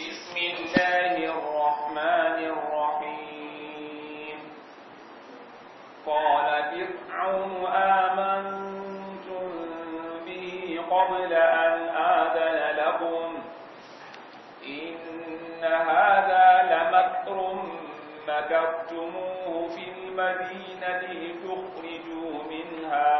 بسم الله الرحمن الرحيم قال آمنتم به قبل أن آذن لكم إن هذا لمكر مكرتموه في المدينة لتخرجوا منها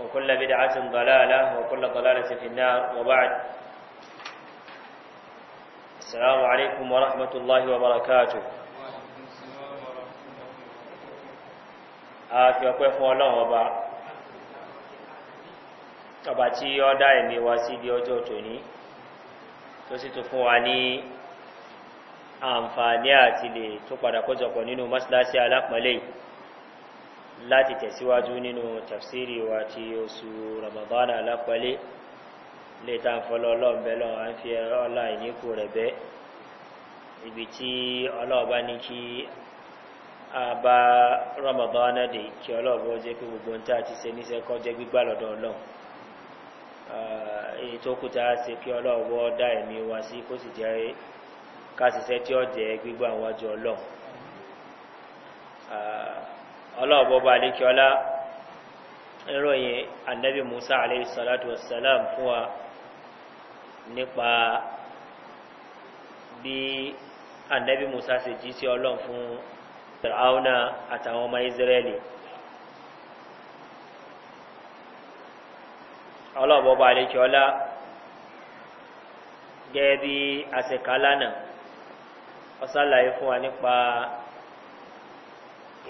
وكل بدعة ضلالة وكل ضلالة في النار وبعد السلام عليكم ورحمة الله وبركاته a fi ọpẹ́ fún ọlọ́run ọba ọba tí ó dá ẹ̀mí wa sí di ọjọ́ tòní tó sì tún fún wa ní àǹfààní àti lè tó padà kójọpọ̀ nínú mọ́síláṣí alápọ̀lẹ́yìn láti tẹ̀síwájú nínú tafsiri wa ti oṣù ramadana alápẹ́lẹ́ lè ta ń fọlọ́ ọlọ́ọ̀bẹ́ lọ́wọ́ à ń fi ẹ̀rọ ọlá ìníkù rẹ̀ bẹ́ ibi tí ọlọ́ọ̀bá ní kí a bá ramadana dé kí ọlọ́ọ̀bá jẹ́ pé gbogbo ń tà ti ṣe níṣẹ́ kọ́ jẹ́ gbígbà lọ́dọ̀ ọlọ́run ọlọ́ọ̀bọ̀bà alékiọlá ìròyìn annabi musa aleyhisalatu wasalam fún wa nípa bí annabi musa se jí sí ọlọ́n fún fir'auna àtàwọn ọmọ israeli ọlọ́ọ̀bọ̀bà alékiọlá gẹ́gẹ́ bí àṣekálánà ọsàlàyé fún wa nípa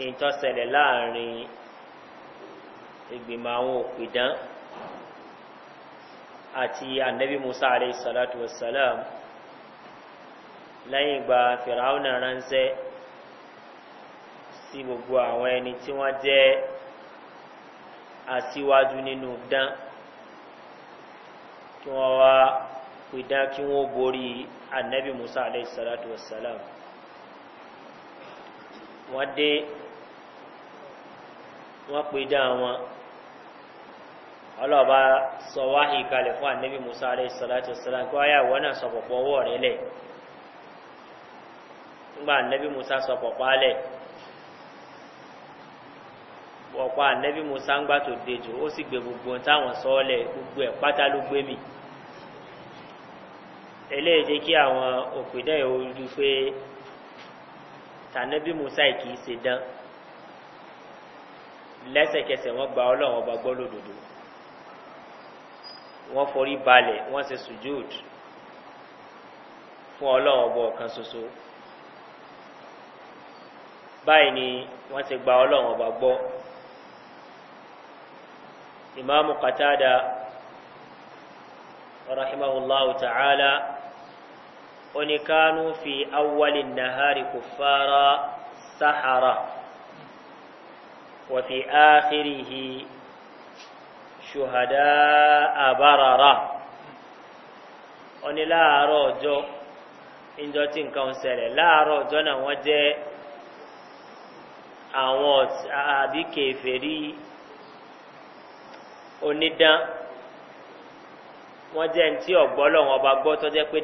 ìtọ́sẹ̀lẹ̀ láàrin ìgbìmọ̀ àwọn òpìdán àti annabi musa alayhi salatu wasalam lẹ́yìn ìgbà fìràúnà ránṣẹ́ sí gbogbo àwọn ẹni tí wọ́n jẹ́ asíwájú nínú dán kí wọ́n wá pìdán kí wọ́n borí annabi musa alayhi salatu wasalam wọ́n dé wọ́n pe dá wọn ọlọ́ọ̀bá sọ wá ìkalẹ̀ fún ànẹ́bí musa alẹ́ ìsọ̀láti ìsọ̀lá kí wọ́n yà wọ́n náà sọ̀pọ̀pọ̀ ọwọ́ rẹ̀ lẹ̀ nígbà ànẹ́bí musa sọ̀pọ̀pọ̀ alẹ̀ ọ̀pọ̀ ànẹ́bí musa ń gbà tó dejò ó sì gbé gbogbo táwọn sọ́ọ́lẹ̀ gbogbo ẹ̀ pátá ló gbé mi eléyìí kí àwọn òpìdá ìhòòdù pé musa kì í ṣe lẹ́sẹ̀kẹsẹ̀ wọ́n gba ọlọ́run ọba gbọ́ lódodo wọ́n forí balẹ̀ wọ́n ṣe sùjúd fún ọlọ́run ọba ọ̀kan ṣoṣo báyìí ni wọ́n ti gba ọlọ́run ọba gbọ́ ìmáàmù katada rahimahullahu ta'ala oníkanú fi awwalin nahari kò fara sahara. وفي آخره شهداء بررة oni láàárọ̀ ọjọ ìjọ tí nǹkan ń ṣẹlẹ̀ láàárọ̀ ọjọ́ náà wọ́n jẹ́ àwọn wọ́n jẹ́ ní tí ọ̀gbọ́ lọ́wọ́n ọba gbọ́ tó jẹ́ pé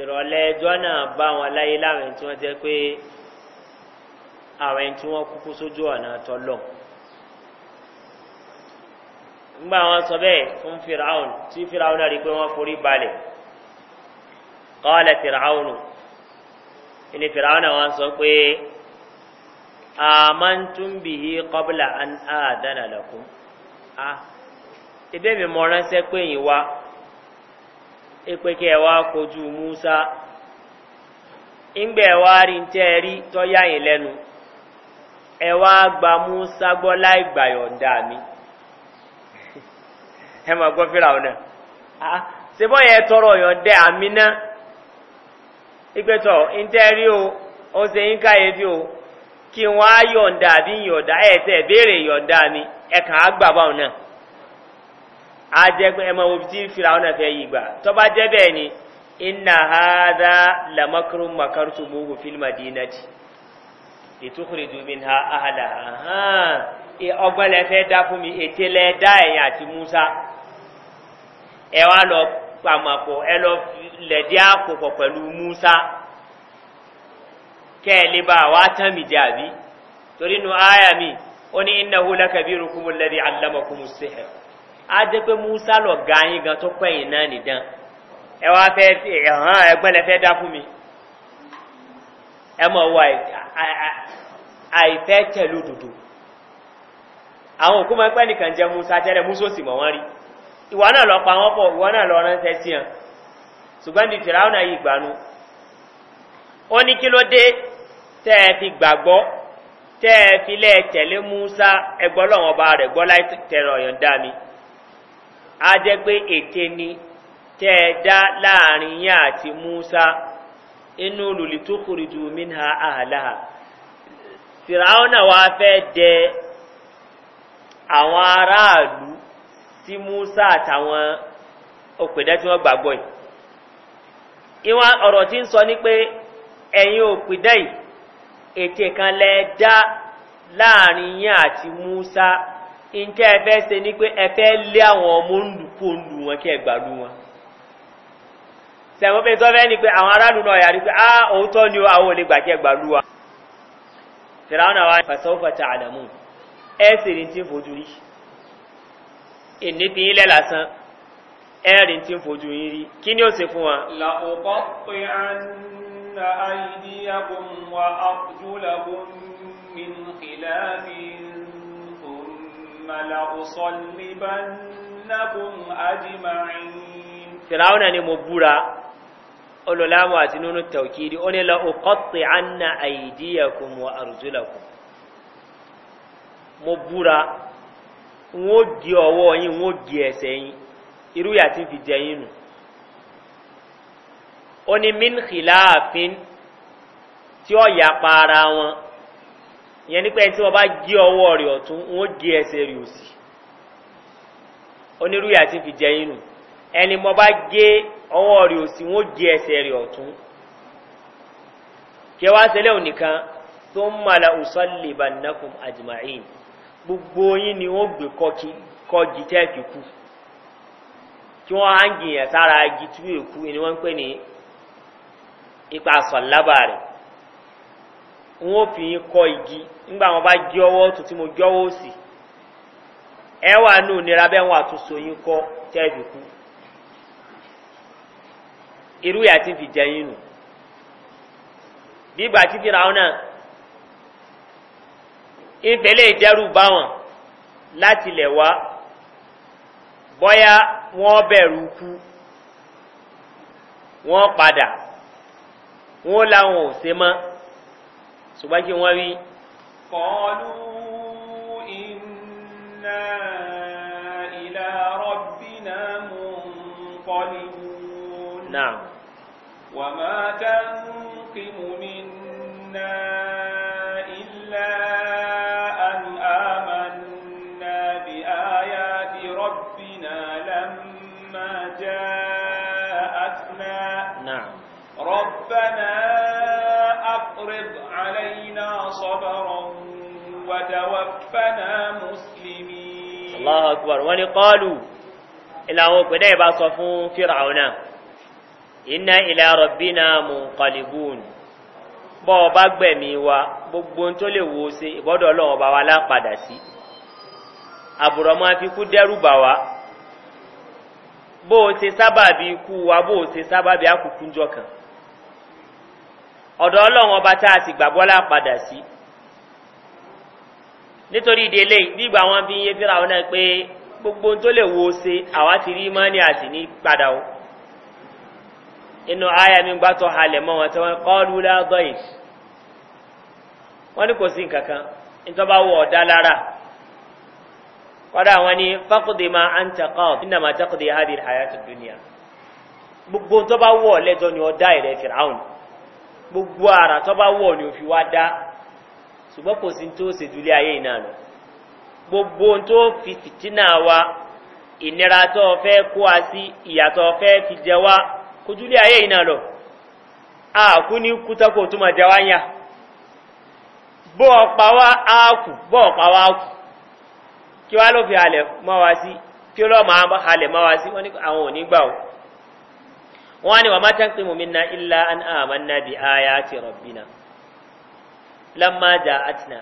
ìrọ̀lẹ́ ẹjọ́ náà bá wọn láyé láwọn tí wọ́n jẹ́ pé àwọn tí wọ́n kúkú sójú ọ̀nà tọ́lọ̀ nígbà wọn sọ bẹ́ẹ̀ fún firaun tí firaun rí pé wọ́n forí balẹ̀ kọ́ọ̀lẹ̀ firaun ni firaun wọn sọ pé àmọ́ntúnbìyí kọ́bùlà àdánà lọ́kùn ah ìbéèrè mọ́ránṣẹ́ pé yìí wá ìpèkè ẹwà kojú musa ìgbẹ̀ ẹwà e rí ń e rí tọ́yáyìn lẹ́nu e gba musa gbọ láì gbàyọ̀ǹda mi ẹ máa gbọ́ fíra ọ̀nà ṣe yẹ tọrọ ọ̀yọ̀ǹda mi ná o ó ṣe ń o kí wọ́n á yọ̀ǹda àbí yọ̀ǹda ẹ̀ mi báwọn náà. a jẹ́ pé ẹmọ obi tí fìràwọ́nà fẹ́ yìí gbà tó bá jẹ́ bẹ́ẹ̀ ni iná hádá lamakarun makartu mugu fílmà dínàtì ìtúkùrì dùmí ha ahàdà ọgbọ́lẹ̀ fẹ́ dá fún mi ètè lẹ́ẹ̀dá ẹ̀yà àti musa ẹ wá lọ pàmàpọ̀ ẹ lọ lẹ̀dí àpòpọ̀ pẹ̀lú musa kẹ́ẹ̀lẹ́ bá wá tán mi dé àbí torí nu áyà mi ó ní iná hùlẹ́kẹ̀bí rukumu lẹ́dí alámọ̀kùnmu sèhẹ̀rù a jẹ́ pé musa lọ ga yín gan tó pẹ̀yìn náà nìdán ẹ fẹ́ ẹ̀hán ẹgbẹ́ fẹ́ dá fún mi ẹ mọ̀ àìfẹ́ tẹ̀lú dùdù àwọn òkú máa pẹ́ nìkan jẹ́ musa tẹ́lẹ̀ musa sì mọ̀ wọ́n rí ìwọ náà lọ pa wọ́n pọ̀ ìwọ náà fi fi tẹ̀lé musa ẹgbọ́ lọ́wọ́ rẹ̀ gbọ́ láì tẹ̀rọ a jẹ́ pé ète ni tẹ́ ẹ dá láàrin yá àti musa inú lùlì tó kùrì jù mí ha àhàláhà fìràwọ́nà wa fẹ́ dẹ àwọn aráàlú si musa àtàwọn òpèdẹ́ tí wọ́n gbàgbọ́ yìí ìwọ̀n ọ̀rọ̀ tí ń sọ ní pé ẹ̀yin òpèdẹ́ yìí kan lẹ dá láàrin yín àti musa ìntẹ́ ẹ̀fẹ́ se ní pé ẹ̀fẹ́ lé àwọn ọmọ olùkó olù wọn kí ẹgbàlú wọn sẹ̀mọ́fẹ́ tó fẹ́ ni pé àwọn aráàlú náà yàrí pé á òótọ́ ni àwọn olè gbà kí ẹgbàlú wa fìràwọn àwọn àfẹsọ́fẹ̀tà àdàmú ẹ sì rí tí ń fojú rí ìní ti ilẹ̀ lásán ẹ rí wa. àkùjú làgò min kìláàmì ثم لأصلبنكم أجمعين فرعون مبورا أولو لام واتنون التوكيد أولي لأقطعن أيديكم وأرجلكم مبورا wọ́n di ọwọ́ yìí wọ́n di ẹ̀sẹ̀ yìí irú yà tí fi jẹ yìí nù ó ní min khilafin tí ó yà pa ara wọn ìyẹn nípa ẹni tí wọ́n bá gé ọwọ́ rẹ̀ ọ̀tún wọ́n gé ẹsẹ̀ rẹ̀ òsì onírúyà ti fi jẹ inú ẹni mo bá gé ọwọ́ rẹ̀ òsì wọ́n gé ẹsẹ̀ rẹ̀ ọ̀tún kí wá sẹlẹ̀ ònìkan tó ń mọ̀lá òsọ́lẹ̀bà nàkùn àjùmáyìn gbogbo yín ni wọ́n gbé kọ́gì tẹ́ẹ̀kì kú kí wọ́n á ń gbìyàn sára igi tú èkú ni wọ́n ń pè ní ipa sọ̀lábà rẹ̀ wọn fi kọ igi nígbà wọn bá gé ọwọ tó tí mo gé ọwọ òsì ẹ wà ní ònira bẹ́ẹ̀ wọn àtúnṣe yín kọ tẹ́ẹ̀bì kú irú yà ti fi jẹ yín nù bí ìgbà títí ra ọ náà ìfẹ́lẹ́ ìjẹ́rù bá wọn láti lẹ̀ wá bọ́yá wọ́n bẹ̀rù kú padà wọ́n ò se mọ́. ṣùgbọ́n kí wọ́n rí. kọlu iná ilá rọ́bìnà mú kọlu náà wà máa tán mú mi náà. وتوفنا مسلمين الله أكبر ونقالوا إلا هو قد يبصفون فرعون إنا إلى ربنا منقلبون bọ́ ọba gbẹ̀mí wa gbogbo tó lè wo ṣe ìbọ́dọ̀ ọlọ́run ọba wa lápadà sí àbùrọ̀mọ́ afikú dẹ́rùbà wa bó o ṣe sábàbí ikú wa bó o sábàbí akùkúnjọ kan ọ̀dọ̀ ọlọ́run ọba tá a sì gbàgbọ́ lápadà sí nítorí ìdí eléyìí bí ìgbà wọn fi ń yé fíra ọ̀nà pé gbogbo tó lè wo ṣe àwa ti rí mọ́ni àti ní padà o inú aya mi gbá tó halẹ̀ mọ́ wọn tí wọ́n kọ́ọ̀lù lágbọ́ yìí wọ́n ní kò sí nǹkan kan nítorí bá wọ ọ̀dá lára kọ́dà wọn ni fákòdè máa ń tẹ̀kọ́ nínú àmà tẹ́kọ̀dé hádìí àyà dúnìyà gbogbo tó bá wọ̀ lẹ́jọ́ ni ọ̀dá ìrẹ́ ṣùgbọ́n kò sí tó ṣe dúlé ayé iná lọ gbogbo tó fi fìtínà wa ìnira tó fẹ́ kó a sí ìyàtọ̀ fẹ́ fi jẹ wá kò dúlé ayé iná lọ àkú ní kútọ́kò tó mọ̀ jẹ wá ń yà bọ́ ọ̀pá wá áàkù bọ́ ọ̀pá wá áàkù kí wá ló fi halẹ̀ mọ́ wá sí kí ló máa halẹ̀ mọ́ wá sí wọ́n ní àwọn òní gbà wọ́n á ní wàmátẹ́ńpé mòmìnira ilá àmàna bí ayá ti rọ̀bìnà lámájà atina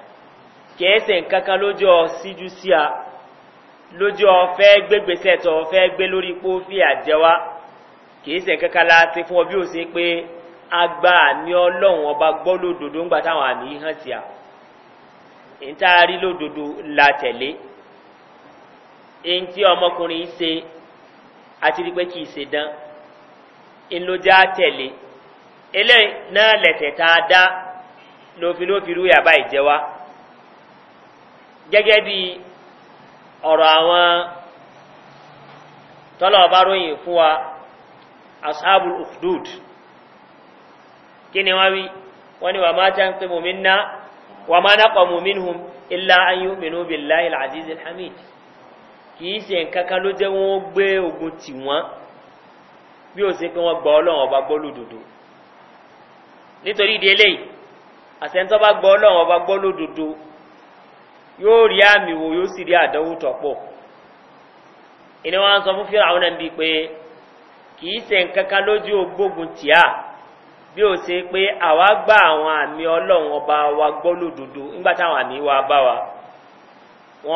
kẹ́ẹ̀sẹ̀ nkankan lójú ọ síjú sí a lójú ọ fẹ́ gbégbèsẹ̀ tọ́ fẹ́ gbé lórí pó fi àjẹwá kẹ́ẹ̀sẹ̀ nkankan la ti fún ọ bí ó ṣe pé agba àmì ọlọ́run ọba gbọ́ lódodo ńgbà táwọn àmì hàn sí a ìtaari lódodo la tẹ̀lé èyí tí ọmọkùnrin ṣe àti rí pé kì í ṣe dán ńlọjá tẹ̀lé eléyìí náà lẹ̀tẹ̀ tá a dá lófin lófin rú yàbá ìjẹwa gẹ́gẹ́ bí ọ̀rọ̀ àwọn tọ́lọ̀ ọba ròyìn fún wa ashabul ukhdud kí ni wọ́n wí wọ́n ni wà máa tán pé mòmín náà wà máa nápa mòmín hùn ilá an yóò bí láì àdízi hamid kì í se nkankan ló jẹ́ wọ́n gbé ogun tì wọ́n bí ó se pé wọ́n gbọ́ ọlọ́run ọba gbọ́ lódodo nítorí ìdí eléyìí àsẹ́ńtọ́ bá gbọ́ ọlọ́run ọba gbọ́ lódodo yóò rí àmì wo yóò sì rí àdánwò tọ̀pọ̀ ìní wọn sọ fún fíra àwọn ẹ̀mí pé kì í ṣe nǹkan kan lójú ogbógun tíà bí ó ṣe pé àwa gba àwọn àmì ọlọ́run ọba wa gbọ́ lódodo nígbà táwọn àmì wa bá wa ń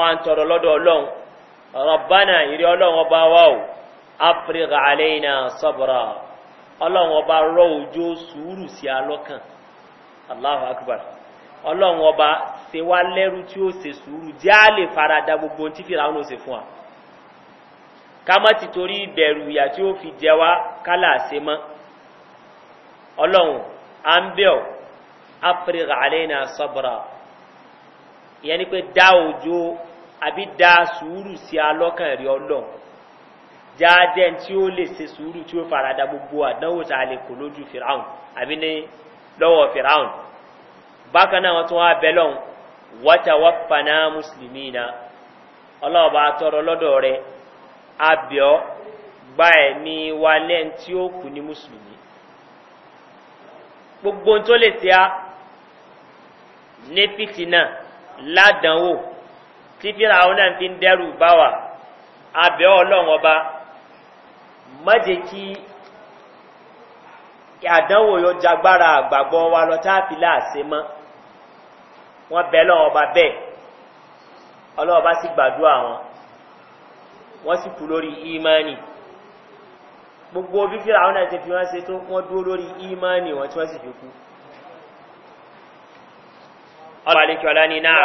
ọba wa o ọba rọ òjò sùúrù sí alọ́kàn. aláhùn akbar ọlọ́run ọba ṣe wá lẹ́rú tí ó ṣe sùúrù jẹ́ á lè farada gbogbo tí fìlà ọ̀nà ṣe fún wa ká má ti torí ìbẹ̀rù ìyà tí ó fi jẹ wá kálà ṣe mọ́ ọlọ́run à ń bẹ̀ ọ́ áfíríkà àlẹ́nà ìyẹn ni pé dá òjò àbí dá sùúrù sí alọ́kàn rí ọlọ́run jáde tí ó lè ṣe sùúrù tí ó farada gbogbo àdánwò tá a lè kó lójú fìlà ọ̀hún àbí ní lọ́wọ́ firaun bákan náà wọ́n tún wá bẹ́lọ́n wátawápaná mùsùlùmí na ọlọ́ọ̀bá tọrọ lọ́dọ̀ rẹ̀ abẹ́ọ́ gba ẹ̀mí wa lẹ́n tí ó kù ní musulmi gbogbo tó lè tí a ní fìtínà ládánwò tí firaun náà fi ń dẹ́rù báwà abẹ́ọ́ ọlọ́run ọba mọ́jẹ̀ kí àdánwò yóò jagbára àgbàgbọ́ wa lọ táàfi láàṣẹ mọ́ wọ́n bẹ lọ́wọ́ bẹ́ẹ̀ ọlọ́ọ̀bá sì gbàdúrà wọn wọ́n sì kú lórí ìmánì gbogbo fífíra àwọn àti fi wọ́n ṣe tó wọ́n dúró lórí ìmánì wọn tí wọ́n sì fi kú ọlọ́ọ̀bá lè kí ọlá ní náà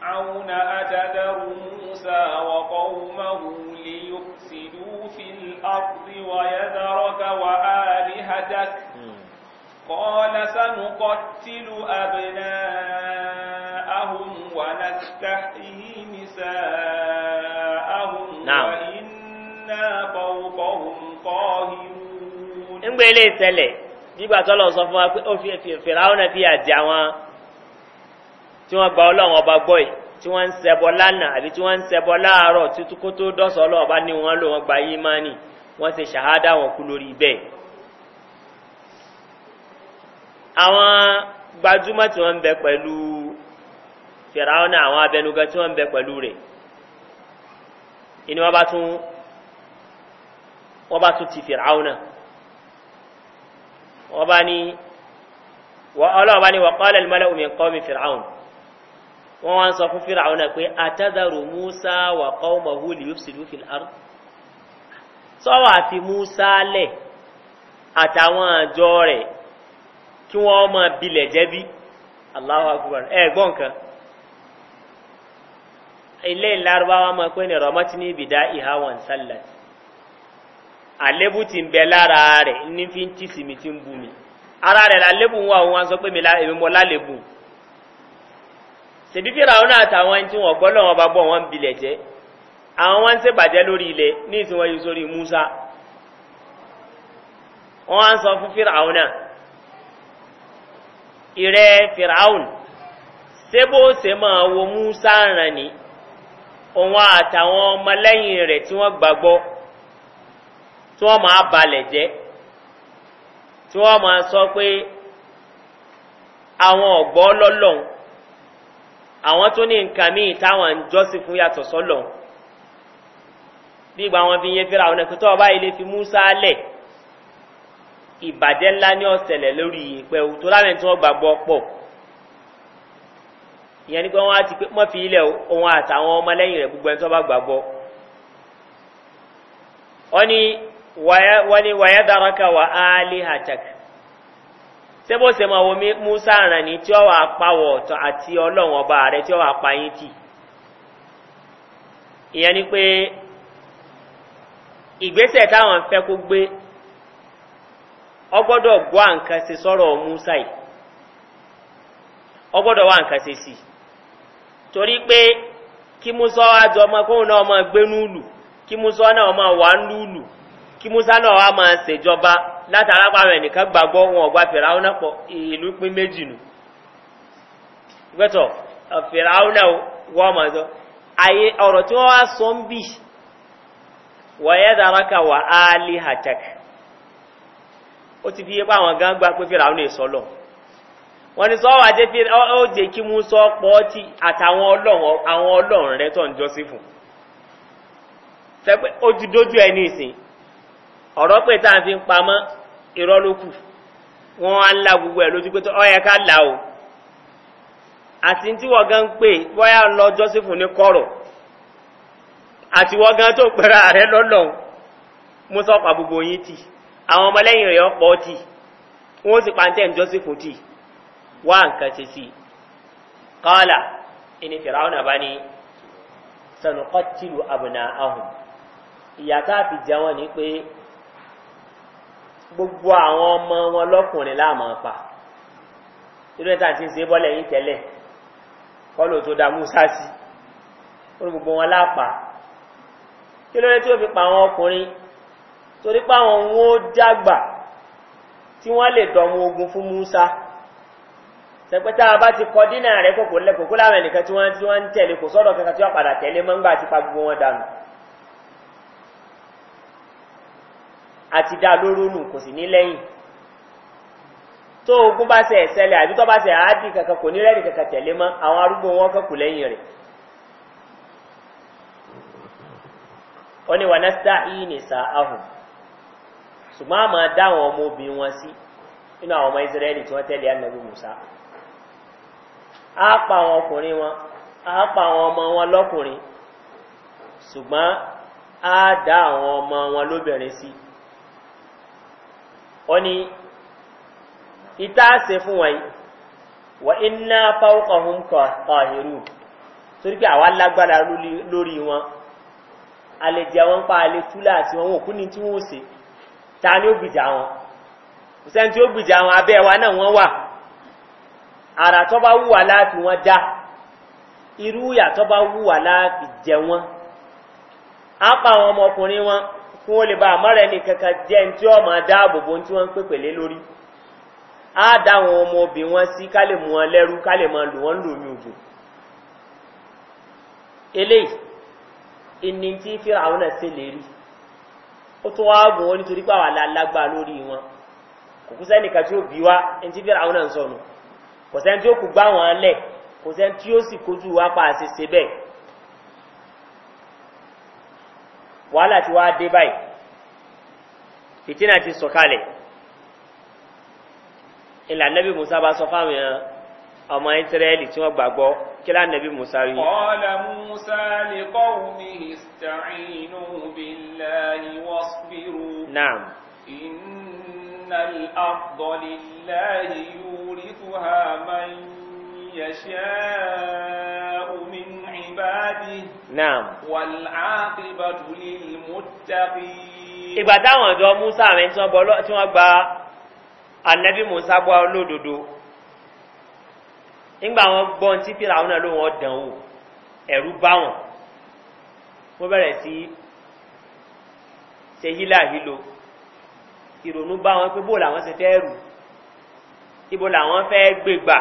فرعون أتذر موسى وقومه ليفسدوا في الأرض ويذرك وآلهتك قال سنقتل أبناءهم ونستحيي نساءهم نعم. وإنا فوقهم قاهرون ń gbé ilé ìtẹ́lẹ̀ nígbà tọ́lọ̀ sọ fún wa tí wọ́n gba ọlọ́run ọba gbọ́ yìí tí wọ́n ń sẹ́bọ lánàá àbí tí wọ́n ń sẹ́bọ láàárọ̀ títú kó tó dọ́sọ̀ ọlọ́ọ̀bá ní wọ́n lò wọ́n gba yí máa nì wọ́n ti ṣàhádà wọn kú lórí bẹ́ẹ̀. àwọn gbajúmọ̀ tí wọ́n ń bẹ pẹ̀lú fìràwọ́nà àwọn abẹnugan tí wọ́n ń bẹ pẹ̀lú rẹ̀ inú wọ́n bá tún wọ́n bá tún ti fìràwọ́nà wọ́n bá ní ọlọ́ọ̀bá ní wọ́n kọ́ wọ́n wá ń sọ fún fíráwọn náà pé àtàdàrò musa wà kọ́ọ̀mọ̀ húlì yóò sì lófin àrùn sọ́wọ́ àti musa lẹ̀ àtàwọn àjọ rẹ̀ kí wọ́n mọ bilẹ̀ jẹ́bí aláwọ̀ akúbar ẹ̀gbọ́n kan ilé ìlárúbáwá ṣèbí fìràwọn àtàwọn ẹni tí wọn gbọ́ lọ́wọ́ bá bọ̀ wọn bilẹ̀ jẹ́ àwọn wọn ń ṣèbàjẹ́ lórí ilẹ̀ ní ìsìn wọn yìí sórí musa wọn á sọ fún fìràwọn náà ìrẹ fìràwọn ṣébó ṣe máa wo musa ràn ní òun àtàwọn ọmọlẹ́yìn rẹ̀ tí wọ́n gbàgbọ́ tí wọ́n máa balẹ̀ jẹ́ tí wọ́n máa sọ pé àwọn ọ̀gbọ́ lọ́lọ́run àwọn tó ní nǹkan míì táwọn ń jọ́sìn fún yàtọ̀ sọ́lọ̀ bí ìgbà wọn fi yẹn fẹ́ra àwọn ẹ̀kọ́ tó ọba ilé fi mú sálẹ̀ ìbàjẹ́ ńlá ní ọ̀sẹ̀lẹ̀ lórí ìpẹ́ òun tó láwọn tí wọ́n gbàgbọ́ pọ̀ ìyẹn ni pé wọ́n á ti pé mọ́fi ilẹ̀ òun àtàwọn ọmọlẹ́yìn rẹ̀ gbogbo ẹni tó bá gbàgbọ́ wọ́n ni wàyẹ́ wà á lé sẹ́bọ̀ sẹ́ máa wo musa ràn ní tí ó wà pàwọ̀ àti ọlọ́run ọba rẹ̀ tí ó wà pa yín tì ìyẹn ni pé ìgbésẹ̀ táwọn fẹ́ kó gbé ọgbọ́dọ̀ gbọ́ àǹkan sí sọ́rọ̀ musa yìí ọgbọ́dọ̀ wà nǹkan ṣe sí torí pé kí musa àjọ ọmọ kóhùn náà máa gbénú lù kí musa náà wà ń látara pa àwọn ẹnìkan gbàgbọ́ wọn ọ̀gbà fìràúnà pọ̀ ìlú pín méjì nù gbẹ́tọ̀ fìràúnà wọ́n mọ̀ ayé ọ̀rọ̀ tí wọ́n wá sọ ń wọ̀nyẹ́ wà á lé ó ti fi yé pa àwọn gan gba pé fìràúnà wọ́n ní sọ́wọ́ ọ̀rọ̀ pé tá à ń fi ń pamọ́ irọ́ ló kù wọ́n á ń la gbogbo ẹ̀ lójú pé tó ọ̀yẹ ká là o àti tí wọ́n gan ń pè bóyá lọ jọ́sífù ní kọ̀rọ̀ àti wọ́n gan tó pẹ̀rẹ̀ ààrẹ lọ́lọ́hun mú sọ́pàá gbogbo yín tì àwọn ọmọlẹ́yìn rẹ̀ ọ̀pọ̀ tì wọ́n sì pàǹtẹ̀ ń jọ́sífù tì wá nǹkan ṣe sí i kọ́ọ̀là ẹni fìràwọ̀n àbá ní sanukọ́tìlù àbùnà ahùn ìyá tá wọn ni pé gbogbo àwọn ọmọ wọn lọ́kùnrin láàmọ́ pa irú ẹ̀ta ti ń ṣe bọ́lẹ̀ yìí tẹ́lẹ̀ kọ́lù tó dá musa sí ó ní gbogbo wọn lápá kí ló dé tí ó fi pa àwọn ọkùnrin torí pé àwọn òun ó dàgbà tí wọ́n lè dọ̀mọ ogun fún musa sẹpẹtà bá ti kọ dínà rẹ kòkó lẹ́kòkó láwọn ẹnìkan tí wọ́n ń tẹ̀lé kò sọ́dọ̀ kankan tí wọ́n padà tẹ̀lé mọ́ngbà ti pa gbogbo wọn dànù àti dá lóró nù kò sì ní lẹ́yìn tó ogun bá ṣe ẹ̀sẹ̀lẹ̀ àbí tó bá ṣe àádìí kankan kò ní rẹ́ẹ̀dì kankan tẹ̀lé mọ́ àwọn arúgbó wọn kankù lẹ́yìn rẹ̀ ó ní wà yìí ní ṣùgbọ́n dá àwọn ọmọ musa a kpa àwọn a kpa ọmọ ọmọ lóbìnrin wọ́n ní ìta ṣe fún wọn wọ iná fáwọ́kọ̀hún kọ̀ọ̀hìrù torí pé àwa lágbára wọn a wọn pa alẹ́ túlá àti wọn wò wọ́n ṣe ta ni ó gbìjà wọn ìsẹ́ni tí wa náà wọn ya irú ìyà tó bá wọn á pa fún olè bá àmọ́ra ẹni kankan jẹ́ tí ó máa bo tí wọ́n ń pèpè lé lórí a dá ọmọ obì wọn sí ká mú wọn lẹ́rú ká máa lò wọ́n lò ní òjò eléyìí ìní tí fi àwọn náà ṣe lè ó tún wá gùn wọn nítorí pé àwọn lórí wọn kò kú sẹ́nìkan tí ó bí wá ẹni tí fi àwọn náà sọnù kò sẹ́ni tí ó pa wàhálà ti wá dé báyìí fìtínà ti sọ̀kalẹ̀ ilà nẹ́bí musa bá sọ fáwọn èèyàn ọmọ ìsírẹ́lì tí wọ́n gbàgbọ́ kí lá nẹ́bí musa rí. ọ̀la musa lè kọ́ omi ìsìtàrínú bílá عباده نعم والعاقبة للمتقين ìgbà táwọn ọ̀dọ́ musa rẹ̀ tí wọ́n gba anabi musa gbọ́ olódodo nígbà wọn gbọ́ tí fìlàwọn náà ló wọn dàn wò ẹ̀rú bá wọn wọ́n bẹ̀rẹ̀ sí ṣe hílà hílo ìrònú bá wọn pé bó làwọn ṣe fẹ́ rù ibo làwọn fẹ́ gbégbà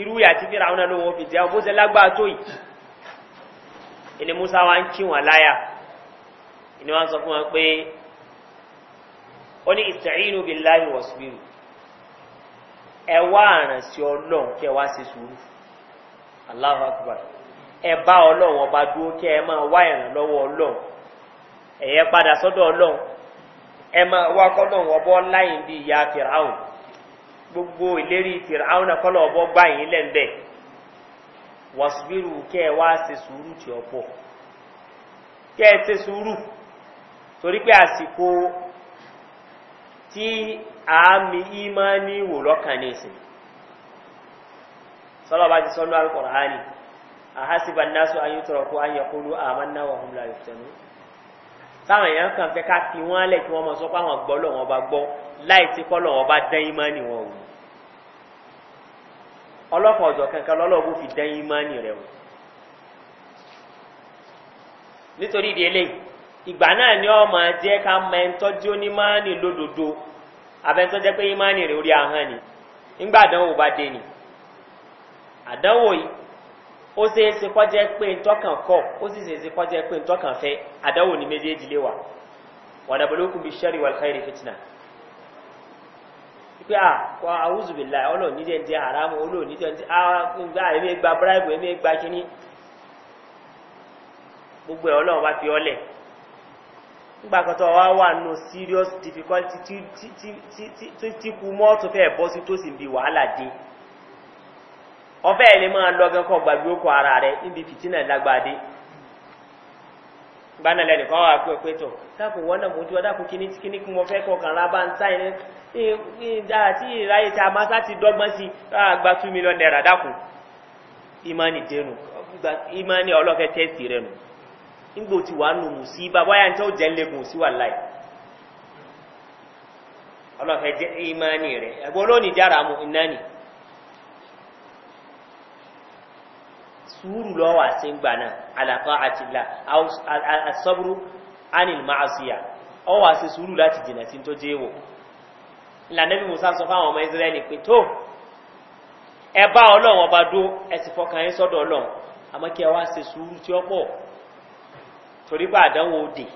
irú ìyà tí fìlàwọn náà ló wọn fi jẹ́ ọ bó ṣe lágbàá tó yìí ẹni musa wa ń kí wọn láyà ẹni wọn sọ fún wọn pé ó ní ìtẹ̀yìnú bí láyé wọ̀ síbírù ẹ àràn sí ọlọ́run kí wá sí sùúrù aláwọ̀ àkùbà ọlọ́run ọba dúró kí ẹ máa wá ìrànlọ́wọ́ ọlọ́run ẹ̀yẹ padà sọ́dọ̀ ọlọ́run ẹ gbogbo wàsíbírù kẹ́ ẹ wá ṣe sùúrù tí ọ pọ̀ kẹ́ ẹ ṣe sùúrù torí pé àsìkò tí àmì ìmọ̀ ní wò lọ́kàn ní ìsìn sọlọ́ba ti sọ́nú alukọ̀rọ̀ hánì àhásìbà náṣọ ayétọ̀rọ̀kú ayẹ̀kúlú àmànáwà hùmlà ìfẹ̀nú táwọn èèyàn kàn fẹ́ ká fi wọ́n lẹ̀ kí wọ́n mọ̀ sọ láì ọlọ́pàá ọ̀jọ̀ kankan lọ́lọ́gbó fi dán imani rẹ̀ wò nítorí ìdí eléyìí ìgbà náà ni ọ máa jẹ́ ká mọ ẹntọ́jú onímánì lódodo abẹ́ntọ́ jẹ́ pé ìmánì rẹ̀ orí ahọ́n ni nígbà àdánwò bá dé ni àdánwò yìí ó ṣeé ṣe kọjá pé ntọ́kàn kọ́ ó sì ṣeé ṣe kọjá pé ntọ́kàn fẹ́ àdánwò ni méjèèjì lé wa wàdàbọ̀lókùn bíi sẹ́rí wàlúkàrí fìtínà pé à kọ́ àwùzùbìlà ọlọ́ọ̀ní tẹ́ ara àràmù olóòní tẹ́ ti àgbà èmi gba bíráìbù èmi gba kíní gbogbo ẹ̀ ọlọ́run bá fi ọlẹ̀ nígbà wá wà serious difficulty tí kú mọ́ tó fẹ́ bọ́ sí tó sì bí wàhálà dé ọfẹ́ máa lọ́gán gbàgbé ara rẹ̀ níbi fìtínà lágbàdé bana lẹ́nu kan wà pé pé tọ̀ dákùn wọ́n náà mojú ọdákùn kíní kíní kún mọ́ fẹ́ kọkàn rábá ń sáì ní àti ìráyè tí a máa sáti dọ́gbọ́n sí àgbà million naira dẹnu ọlọ́kẹ́ tẹ́sì nù nígbò tí wàá nù mù sí bá ó sí mu sùúrù lọ́wọ́ àti ìgbà náà àlàkọ́ àti ìlà àṣọ́bùrú anil ma'asíyà ọ wà sí sùúrù láti jìnà sí tó jẹ́ wò ìlànàbí musa sọ fáwọn ọmọ israẹli pé tó ẹ bá ọba dó ẹ sì fọkàn yín sọ́dọ̀ ọlọ́run àmọ́ kí ẹ wá ṣe sùúrù tí ó pọ̀ torí pé àdánwò òde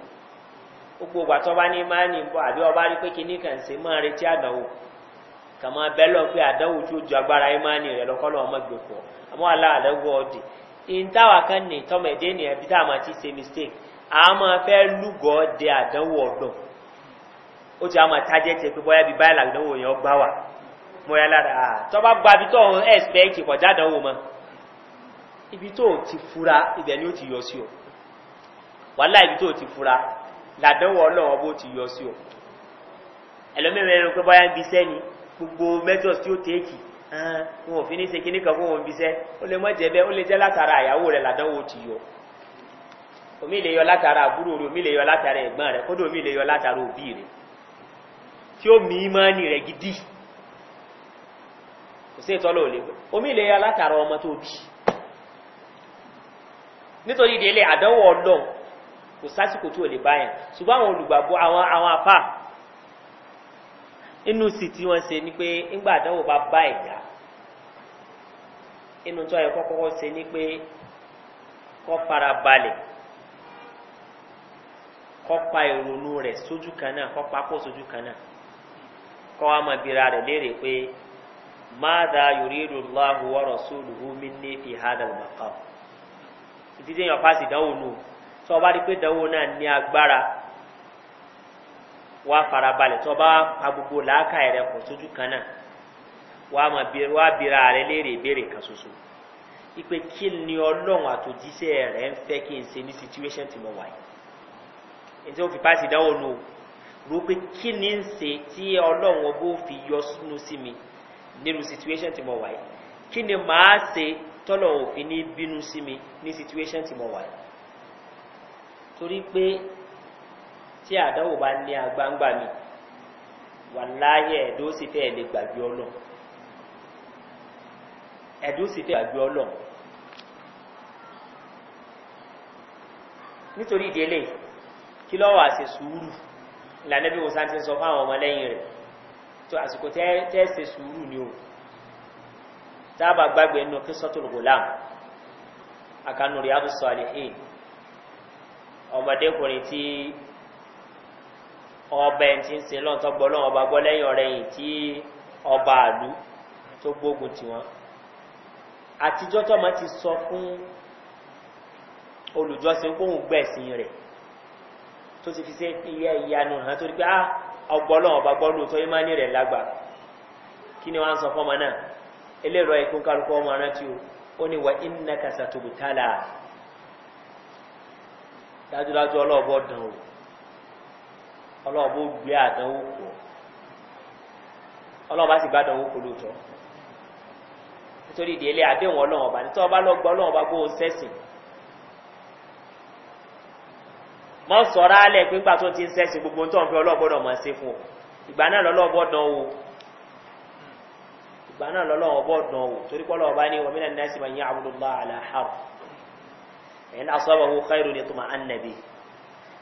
gbogbo ìgbà tó ọba rí pé máa retí àdánwò kàmọ́ pé àdánwò ju agbára máa ní àmọ́ aláàlẹ́ wọ́ọ̀dì ìntàwà kan ní tọmọ èdè ní ẹbí tá máa ti ṣe mistake a máa fẹ́ lúgọ́ de àdánwò ọ̀dàn ó ti a máa tájẹ́ ti pé bọ́yá bíi báyìí làdánwò yẹn gbá wà mo yá lára à tọ́ bá gba ibi tó ń expect kọjá àdánwò mọ́ ibi tó ti fura ibẹ̀ ni ó ti gbogbo mẹ́tọ̀s tí ó tẹ́ẹ̀kì wọn ò fi ní ṣe kíní kan fún wọn bíṣẹ́ ó lè mọ́ jẹ́ bẹ́ẹ̀ ó lè jẹ́ látara àyàwó rẹ̀ làdánwò ti yọ omi lè yọ látara àbúrò omi lè yọ látara ẹ̀gbọ́n rẹ̀ omi lè yọ látara òbí rẹ̀ tí ó mi ìmọ̀ọ́nì rẹ̀ gidi kò sí ìtọ́lọ̀ òlè omi lè yọ látara ọmọ tó bí nítorí ìdílé àdánwò kò sásìkò tó lè ṣùgbọ́n àwọn olùgbàgbọ́ àwọn inú sì tí wọ́n ṣe ni pé ńgbà àdánwò bá bá ẹ̀dá inú tó yẹ nipe ṣe ni pé kọ́ fara balẹ̀ pa ìrònú sójú kan náà kọ́ papọ̀ sójú kan náà kọ́ wa máa bira léèrè pé ní fi hádà ìdíje yàn fásitì dánwò nù sọ wá rí pé dánwò náà ní agbára. wá farabalẹ̀ tó bá pa gbogbo làákà rẹ̀ pọ̀ sójú kan náà wá mọ̀ wá bira rẹ̀ léèrè ìbéèrè kan ṣoṣo ipe kí ni ọlọ́run àtòjíṣẹ́ rẹ̀ ń fẹ́ kí n ṣe ní situation tí mo wà yìí èyí tí ó fi páàsì ìdánwò nù rò pé kí ni ń ṣe tí ọlọ́run ọgbó fi yọ sínú sí mi nínú situation tí mo wà yìí kí ni màá ṣe tọ́lọ̀ òfin ní bínú sí mi ní situation tí mo wà yìí torí pé tí àdánwò bá ní agbáǹgbà mi wà láyé ẹ̀dó sì fẹ́ lè gbàgbé ọlọ́ ẹ̀dó sì fẹ́ gbàgbé ọlọ́ nítorí ìdílé kí lọ́wọ́ àṣẹ sùúrù ìlànà bí wọ́n sáńtì ń sọ fáwọn rẹ̀ tó àsìkò sùúrù ni o tábà gbàgbé kí láàmù àkànnù rí ọmọdékùnrin ọba ẹ̀ tí ń sin lọ́n tó gbọ́ ọba gbọ́ lẹ́yìn ọ̀rẹ́ tí ọba àlú tó gbógun ti wọ́n àtijọ́ tọ́mọ ti sọ fún olùjọ́sìn kóhùn gbẹ̀sìn rẹ̀ tó ti fi ṣe ìyanu hàn tó rí pé ah, ọgbọ́ ọba gbọ́ lóòótọ́ yìí máa ní rẹ̀ lágbà kí ni wọ́n o ó ní wà ìnnakasa dájúdájú ọlọ́ọ̀bọ̀ dàn ọlọ́ọ̀bá ó gbé àdánwò kò ọlọ́ọ̀bá sì gbádánwò kò lóòótọ́ nítorí ìdí ilé àdéhùn ọlọ́ọ̀bá nítorí ọba lọ́gbọ́ ọlọ́ọ̀bá gbó ohun sẹ́sìn mọ́ sọ̀rọ̀ alẹ́ pé tó ti ń sẹ́sìn gbogbo tó ń fi ọlọ́ọ̀gbọ́dọ̀ mọ̀ sí fún ọ ìgbà náà o ìgbà náà o torí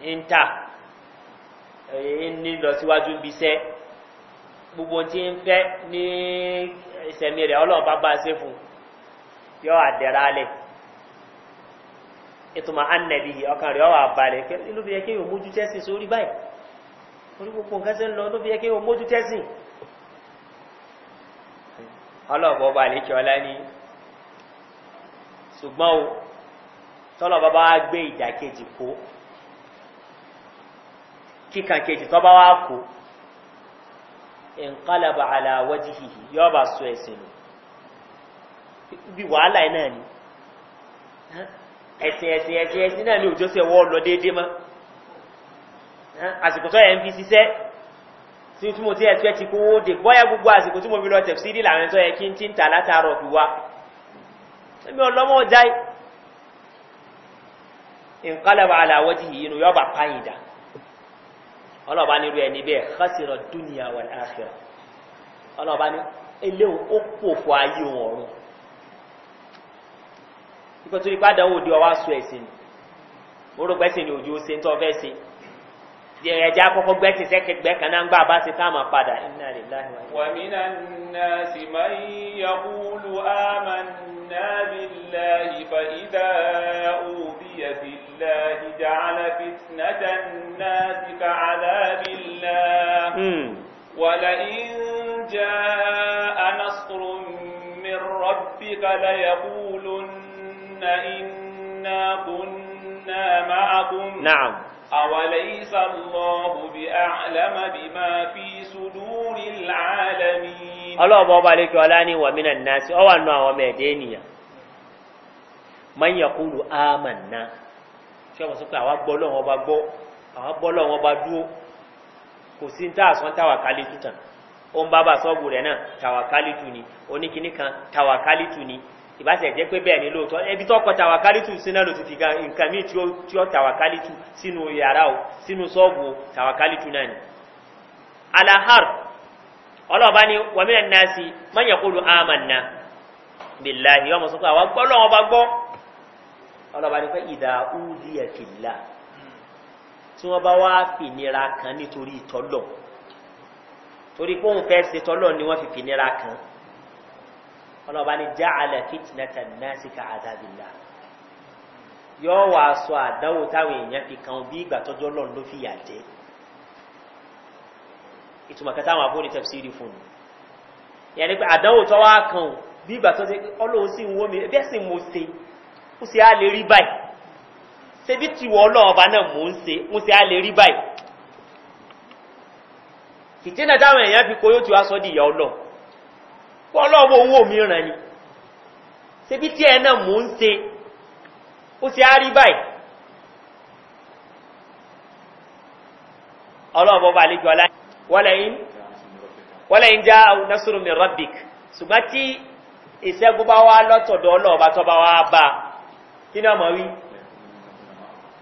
ń tà ń ní lọ síwájú bí iṣẹ́ gbogbo tí ń fẹ́ ní ìsẹ̀mí rẹ̀ ọlọ́ọ̀bá bá ṣe fún yọ àdẹ̀rà alẹ̀ ìtumọ̀ anẹ̀bí ọkàn rẹ̀ ọwà balẹ̀ ló fi yẹ kí yóò mójú tẹ́sìn sórí báyìí orí gbogbo nǹkan sẹ́ ń lọ ló fi yẹ kí yóò mójú tẹ́sìn ọlọ́ọ̀bọ̀ balẹ̀ kí ọlá ní ṣùgbọ́n o tọ́lọ̀ bàbá gbé ìdàkejì kó kíkà kejì tó bá wá kú ìǹkálàbà àlàwọ́jì hìhì yóò bá sọ ẹ̀sìn nù bí wàhálà ẹ̀ náà ni ẹ̀sìn ẹ̀sìn ẹ̀sìn ẹ̀sìn náà ni òjò sí ẹwọ́ lọ déédéé mọ́ àsìkò tó yẹ ń fi ṣiṣẹ́ tí tí mo ti ẹ̀sìn ẹ̀ bọ́yá gbogbo àsìkò tí mo fi lọ tẹ̀ sí nílà àwọn tó yẹ ń tà látàárọ̀ fi wá ẹ̀mí ọlọ́mọ ọjà ìǹkálàbà àlàwọ́jì hìhì nù yóò bá pààyàn dáa ọlọ́ọ̀bá nírú ẹni bẹ́ẹ̀ xasirọ̀ dúnìyà wà ní àṣírọ̀ ọlọ́ọ̀bá ní ilé ó pòfò ayé ọ̀run ìpẹ́tùrí pàdánwò di ọwá sọ ẹ̀sìn orúkọ ẹ̀sìn ní òjò ṣe ń tọ́ fẹ́ ṣe ẹja kọ́kọ́ gbẹ́sì sẹ́kẹ̀gbẹ́ kan náà ń gbà bá ṣe táàmà padà wàmínà náà máa ń yàgùlù àmà náà bí fa ìdá òbí àti láì jàálà fìtìnàjà náà ti ka àlábì lá. wàlà ìjà anásùrùn mi rọ̀bì kalẹ̀ yàgùlù náà iná kùnà máa kùn. أوليس الله بأعلم بما في صدور العالمين الله بابا عليك ولاني ومن الناس أو أنه ومدينيا من يقول آمنا ṣe wọ́n sọ pé àwọn gbọ́ lọ́wọ́ bá gbọ́ àwọn gbọ́ lọ́wọ́ bá dúó kò sí ní tààsán tàwàkálítù tàn ó ń bá bá sọ́ọ̀bù rẹ̀ náà tàwàkálítù ni oníkìní kan tàwàkálítù ni ìbáṣẹ̀ jẹ́ pé bẹ́ẹ̀ ni lóòótọ́ ẹbí tó kọ tàwákálítù síná ló ti fi ga nǹkan míì tí ó tàwákálítù sínú yàrá o sínú sọ́ọ̀bù tàwákálítù náà ni. alahar ọlọ́ọ̀bá ni wàmílẹ̀ náà sí mọ́nyẹ̀kúrú àmàna bíláì ọmọ sọ́kọ́ àwọn gbọ́ lọ́wọ́ bá gbọ́ ọlọ́ọ̀bá ni pé ìdá údí ẹ̀fìlà tí wọ́n bá wá fìnira kan nítorí ìtọ́lọ̀ torí pé òun fẹ́ ṣe tọ́lọ̀ ni wọ́n fi fìnira kan ọlọ́ba ni jáàlẹ̀ fitnata nasi ka àdábìlá yóò wá sọ àdánwò táwọn èèyàn fi kan bí ìgbà tọ́jọ́ lọ́n ló fìyà jẹ́ ìtumọ̀ kẹta àwọn abóni tẹ̀síìrì fún un yẹn ni pé àdánwò tó wá kan o bí ìgbà tó ṣe ọlọ́run sì ń wó mi bẹ́ẹ̀ sì mo ṣe ó ṣe á lè rí báyìí ṣe bí tiwọ́ ọlọ́run ọba náà mò ń ṣe mo ṣe á lè rí báyìí fìtínà táwọn èèyàn fi kó ti wá sọ di ìyá ọlọ́run pọ́ ọlọ́wọ́ owó mìíràn ni ṣe bí tí ẹ náà mò ń se ó ti á rí báyìí ọlọ́wọ́ bá lẹ́jọ́ aláì wọ́lẹ̀ ń já násùrù mi rọ́bìk ṣùgbọ́n tí ìṣẹ́gun bá wá lọ́tọ̀dọ̀ ọlọ́ọ̀bá tó bá wá bá kí náà mọ̀ wí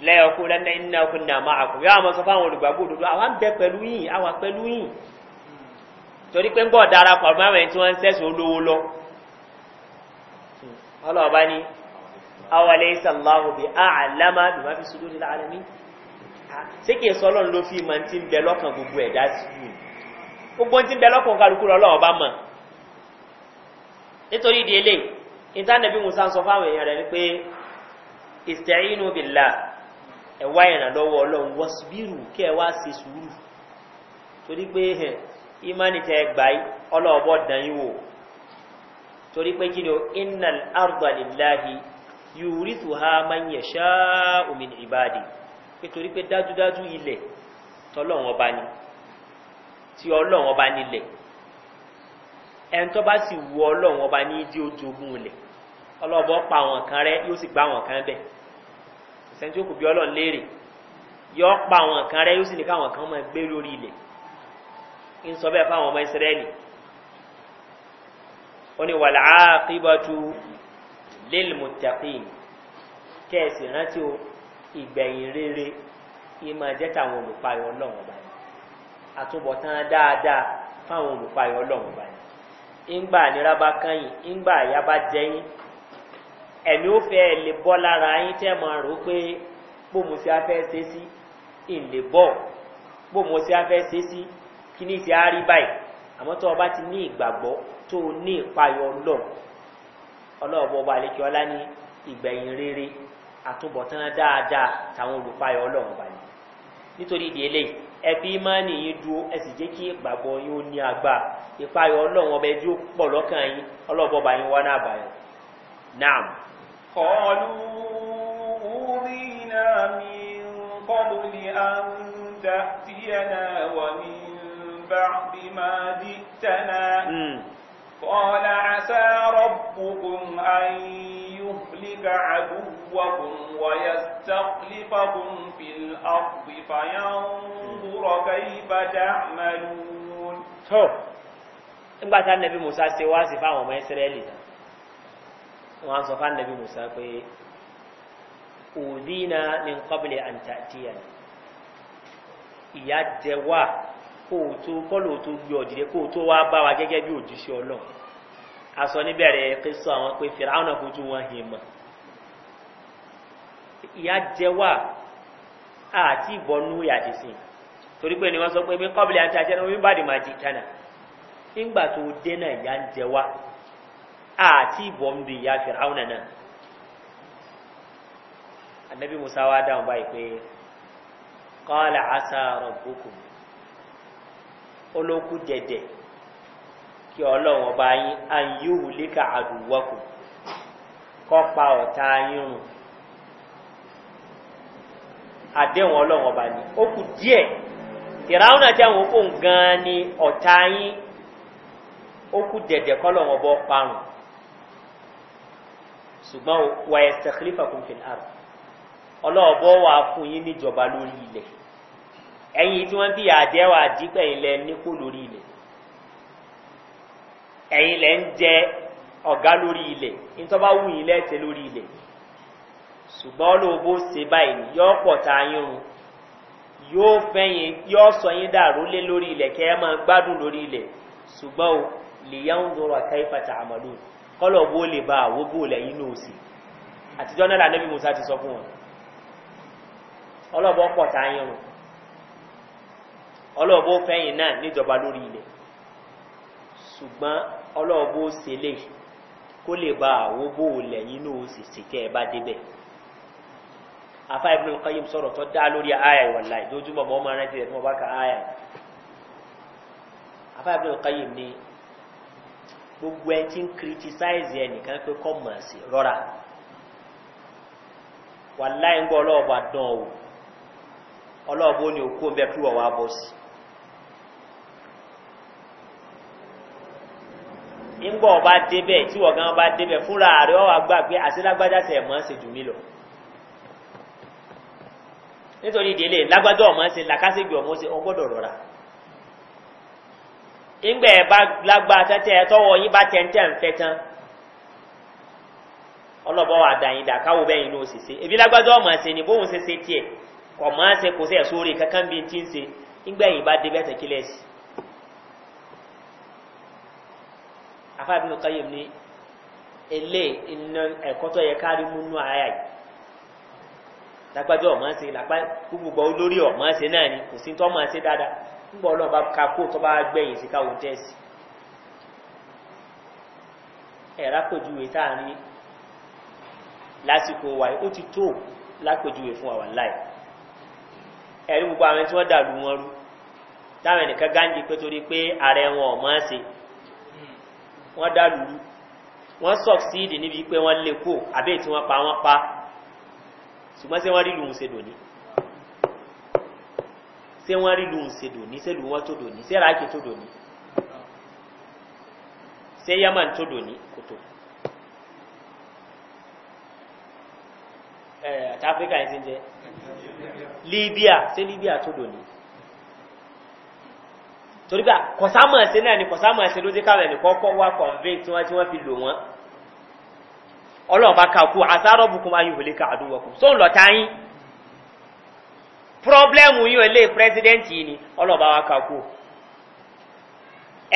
lẹ́yọkú lẹ́nà ìnákùn náà máa kù yóò sọ fáwọn olùgbàgbò òdòdó àwọn bẹ pẹ̀lú yìí àwọn pẹ̀lú yìí torí pé ń bọ̀ darapọ̀ máwọn ẹni tí wọ́n ń sẹ́sùn olówó lọ ọlọ́ọ̀bá ni awọlé ìsànláwò bí àlámà bí wọ́n fi sùdó nílá alamí ṣé kìí sọ́lọ́n ló fi máa ti ń bẹ lọ́kàn gbogbo ẹ̀dá sí ìsẹ̀yìnú bìlá ẹ̀wá ìrànlọ́wọ́ ọlọ́run kí ẹ wá sùúrù torí pé imani tẹ gbà yí ọlọ́ọ̀bọ̀ dàn yí wò torí pé kí ni o iná àrùbà lèláhi yúrí tù ha máa ń yẹ ṣáá omi ìbáàdì nítorí pé dájúdájú ilẹ̀ tọ́lọ́wọ́n bá ní tí ọlọ́wọ́n bá nílẹ̀ ẹni tó bá sì wù ọlọ́wọ́n bá ní ìdí ojogun ilẹ̀ ọlọ́ọ̀bọ̀ pa àwọn kan rẹ yóò sì gbá àwọn kan bẹ̀ ìsẹ́ntí ó kò bí ọlọ́ọ̀ léèrè yọ pa àwọn kan rẹ yóò sì ní káwọn kan máa gbé lórí ilẹ̀ ń sọ bẹ́ẹ̀ fáwọn ọmọ ìsirẹ́lì ó ní wà láàkíbọ̀tú lélmùtàkìm kẹ́ẹ̀sì rántí o ìgbẹ̀yìn rere ìmọ̀ jẹ́ táwọn olùpayọ̀ ọlọ́run ọba ni àtúbọ̀tán dáadáa fáwọn olùpayọ̀ ọlọ́run ọba ni ńgbà nira bá kányìn ńgbà àyà bá jẹyìn ẹ̀mí ó fẹ́ lè bọ́ lára yín tẹ́ máa rò pé bó mo ṣe afẹ́ ṣe sí ìlè bọ́ bó mo ṣe afẹ́ ṣe kini si á rí báyìí àmọ́ tó ọba ti ní ìgbàgbọ́ tó ní ìpayọ ọlọ́ọ̀ ọlọ́ọ̀bọ ọba àlekí ọlá ní ìgbẹ̀yìn rere àtúbọ̀tán dáadáa táwọn olùpayọ ọlọ́ọ̀ ọba ni nítorí ìdí eléyìí ẹbí ìmánì yìí dúró ẹ sì jẹ́ kí ìgbàgbọ́ yìí ó ní àgbà ìpayọ ọlọ́ọ̀ ọba ẹjú pọ̀ lọ́kàn yín ọlọ́ọ̀bọ ọba yín wá náà بعد ما جئتنا قال عسى ربكم أن يهلك عدوكم ويستخلفكم في الأرض فينظر كيف تعملون nígbà tá nàbí musa ṣe wá sí fáwọn ọmọ ìsírẹ́lì tán wọ́n sọ fá nàbí musa pé òdínà ní kọ́bílẹ̀ àǹtàtíyà ìyá jẹ wá kó o tó gbé ọ̀dìdẹ kó wá bá wa gẹ́gẹ́ bí òjíṣẹ́ ọlọ asọ níbẹ̀rẹ̀ pé sọ àwọn pé àwọn àkójú wọn hìn mọ̀ ìyá àti ìbọnú torí pé ni wọ́n sọ pé mi àti àti ẹni bá máa di kánà nígbà tó ìyá ń musa wa dáhùn báyìí pé kọ́lá asa olókù dẹ̀dẹ̀ kí ọlọ́run ọba yín àyíwò léka àdúwọ́kù kọ́ pa ọ̀tá yín rùn àdéhùn ọlọ́run ọba ni ó kù díẹ̀ ìràwọn àti àwọn òkú gan ni ọ̀tá yín ó kù dẹ̀dẹ̀ kọ́lọ́run ọba parun ṣùgbọ́n wàyẹ̀sẹ̀ kílífà kò fi àrùn ọlọ́ọ̀bọ wà fún yín níjọba lórí ilẹ̀ Eyi tí wọ́n fi àjẹ́wà dípẹ̀ ilẹ̀ nípò lórí ilẹ̀ ẹ̀yìn lẹ́ ń jẹ ọ̀gá lórí ilẹ̀ nítọ́bá wù yín lórí ilẹ̀ ṣùgbọ́n olóòbó ṣe báyìí ta yín yóò sọ yín dàrú lé lórí ilẹ̀ gbádùn lórí ṣùgbọ́n o lè yá ń àmàlú bó bá àwọ́ bó lẹ́yìn náà sí náà lànà bí musa ọlọ́ọ̀bó fẹ́yìn náà níjọba lórí ilẹ̀ ṣùgbọ́n ọlọ́ọ̀bó ṣẹlẹ̀ kó lè ba àwòbó lẹ́yìn náà ṣèṣe tẹ́ ẹ bá débẹ̀ afa ibn al-qayyim sọ̀rọ̀ tó dá lórí aya ìwàláì lójúmọ̀ mọ́ máa rántí rẹ̀ tí wọ́n bá ka aya afa ibn al-qayyim ni gbogbo ẹ ti ń kìrìtìsáìzì ẹnìkan pé kọ́ mọ̀ sí rọ́ra wàláì ń gbọ́ ọlọ́ọ̀bà dán o ọlọ́ọ̀bà ó ní òkú ń bẹ́ kí wá bọ́ sí i. ńgbọ́ ọba débẹ̀ tí wọ́n gan ọba débẹ̀ fúnra rẹ̀ ọwà gbà pé àṣílágbájá tẹ̀ mọ́ ṣe jù mí lọ nítorí ìdílé lágbájá ọmọ ṣe làkásẹ̀gbì ọmọ ṣe ọgbọ́dọ̀ rọra ńgbẹ̀ bá lágbá tẹ́tẹ́ tọ́wọ́ yín bá tẹ́ntẹ́ ń fẹ́ tán ọlọ́bọ̀ wà dàyìn dà káwọ́ bẹ́yìn ní òṣìṣẹ́ ebi lágbájá ọmọ ṣe ni bóun ṣe ṣe tiẹ̀ kọ̀ mọ́ ṣe kò sẹ́ sórí kankan bí ti ń ṣe sí àfáàbí ló káyè ni ele ịna ẹ̀kọ́ tó yẹ kárí aya yi yìí lágbájọ́ ọ̀mọ́ gbogbo olórí ọ̀mọ́ ṣe náà ni kò sí tó ka kó tó bá gbẹ̀yìn ti fún ẹ̀rí gbogbo àwọn tí wọ́n wọn rú táwọn ẹnìkan pé torí wọ́n dá lùlú wọ́n sọ̀ksíìdì níbi pé wọ́n lè kó àbẹ́ tí wọ́n pa wọ́n pa ṣùgbọ́n sí wọ́n rí lùhùn ṣe dòní sí wọ́n rí lùhùn ṣe dòní sí lùhùn wọ́n tó dòní sí ráàkì tó dòní sí yaman tó dòní kò tó ẹ̀ àti áfíríkà yìí ti ń jẹ́ libya sí libya tó dòní torí pé kọ̀sámọ̀ ẹ̀sẹ̀ náà ni kọ̀sámọ̀ ẹ̀sẹ̀ ló dé káwẹ̀ wá tí wọ́n tí wọ́n fi lò wọ́n ọlọ́ọ̀bá kàkú pírọ́blẹ́mù ni ọlọ́ọ̀bá wa kàkú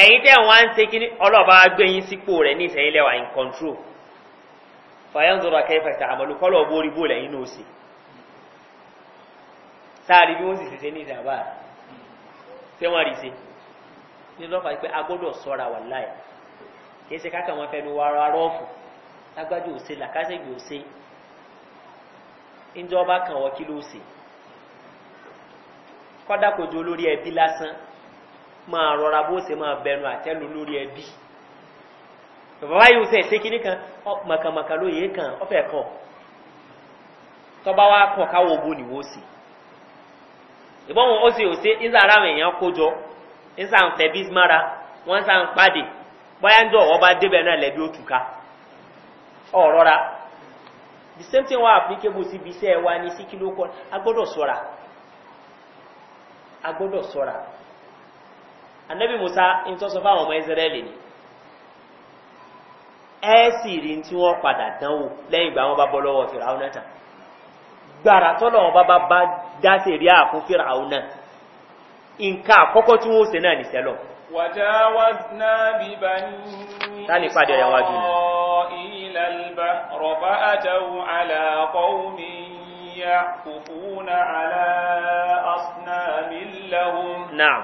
ẹ̀yìn tẹ́ wọ́n á ń ṣe kí ọlọ́ọ̀bá wa gbé yín sípò rẹ̀ ní ìsẹ̀yìn lẹ́wà in control fàyẹ́nzọ́rọ̀ akẹ́fẹ̀tà àmọ́lù kọ́lọ̀ borí lẹ́yìn náà sáà ní lọ́fà pé agbọ́dọ̀ sọ́ra wà láì kìí ṣe káàkà wọn fẹnu wa ara rọ́ọ̀fù lágbájú òṣè làkásẹ̀gbè òṣè ńjọ́ ọba kàn wọ́n kí ló ṣe kọ́dà kò ju ẹbí lásán máa rọra bó ṣe máa bẹnu àtẹ́lu lórí ẹbí bàbá ṣe kíní kan kan ọ̀fẹ́ kọ̀ tọ́ba wa kọ̀ káwọ́ bó ni wọ́n ìbọn wọn ó àwọn ń sàn bí mara wọ́n sàn pàdé bóyá ń jọ ọ̀wọ́ bá débẹ̀ náà lẹ́bí the same thing wà applicable sí iṣẹ́ wa ní sí kí sọra agbọ́dọ̀ sọ́ra agbọ́dọ̀ anabi musa ń tọ́ fáwọn ọmọ israeli ni ẹ sì rí tí wọ́n padà dánwò lẹ́yìn ìgbà wọn bá bọ́ lọ́wọ́ gbàrà tọ́lọ̀ wọn bá bá dá sí rí nǹkan àkọ́kọ́ tí wọ́n ó se náà ní sẹ́lọ̀. wàjáwázná bíbá ní tani pàdé rẹ̀ wájú ìlàlbà rọ̀bá àjáwò aláàkọ́wùmí ya kùfúnà aláàsnàmìláhùn náà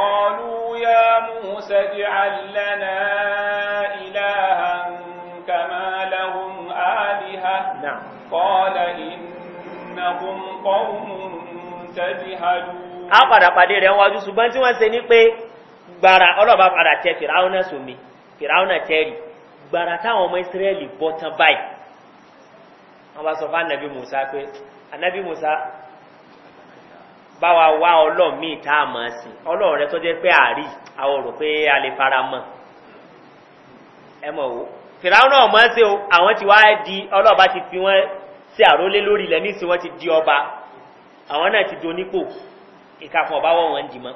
قالوا يا موسى اجعل لنا إلها كما لهم آلهة نعم. a padà pàdé rẹ̀ wájú ṣùgbọ́n tí wọ́n ṣe ní pé gbàrà ọlọ́ba padà tẹ fìràwọ́nà sómi fìràwọ́nà tẹ́rì gbàrà táwọn ọmọ báyìí wọ́n bá anabi musa anabi musa a sí rẹ pé àwọn pé a fara o ti wá di ọlọ́ba ti fi wọ́n àrólé lórí wọ́n ti ọba àwọn náà ti nípò. ìka fún ọba wọ́n dì mọ́